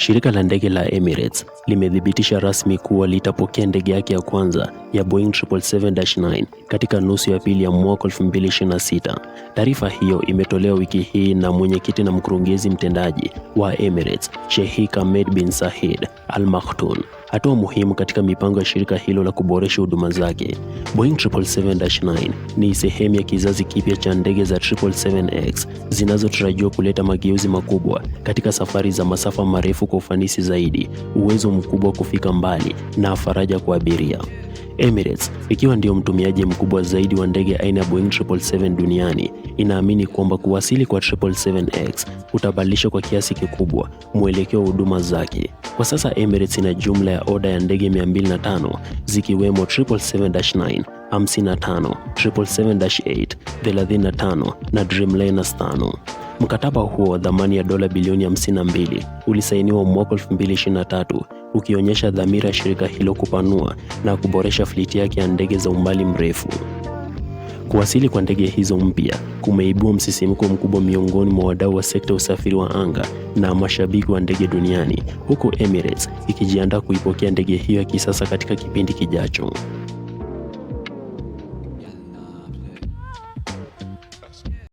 Shirika la ndege la Emirates limethibitisha rasmi kuwa litapokea ndege yake ya kwanza ya Boeing 777-9 katika nusu ya pili ya mwaka 2026. Taarifa hiyo imetolewa wiki hii na mwenyekiti na mkurugenzi mtendaji wa Emirates, Sheikh Ahmed bin Said Al Maktoum hatua muhimu katika mipango ya shirika hilo la kuboresha huduma zake. Boeing 777-9 ni sehemu ya kizazi kipya cha ndege za 777X zinazotarajiwa kuleta mageuzi makubwa katika safari za masafa marefu kwa ufanisi zaidi, uwezo mkubwa wa kufika mbali na faraja kwa abiria. Emirates, ikiwa ndio mtumiaji mkubwa zaidi wa ndege aina ya Boeing 777 duniani, inaamini kwamba kuwasili kwa 777X kutabadilisha kwa kiasi kikubwa mwelekeo wa huduma zake. Kwa sasa Emirates ina jumla ya oda ya ndege 205 zikiwemo 777-9 55, 777-8 35 na Dreamliner 5. Mkataba huo wa thamani ya dola bilioni 52 ulisainiwa mwaka 2023 ukionyesha dhamira ya shirika hilo kupanua na kuboresha fliti yake ya ndege za umbali mrefu. Kuwasili kwa ndege hizo mpya kumeibua msisimko mkubwa miongoni mwa wadau wa sekta usafiri wa anga na mashabiki wa ndege duniani, huku Emirates ikijiandaa kuipokea ndege hiyo ya kisasa katika kipindi kijacho.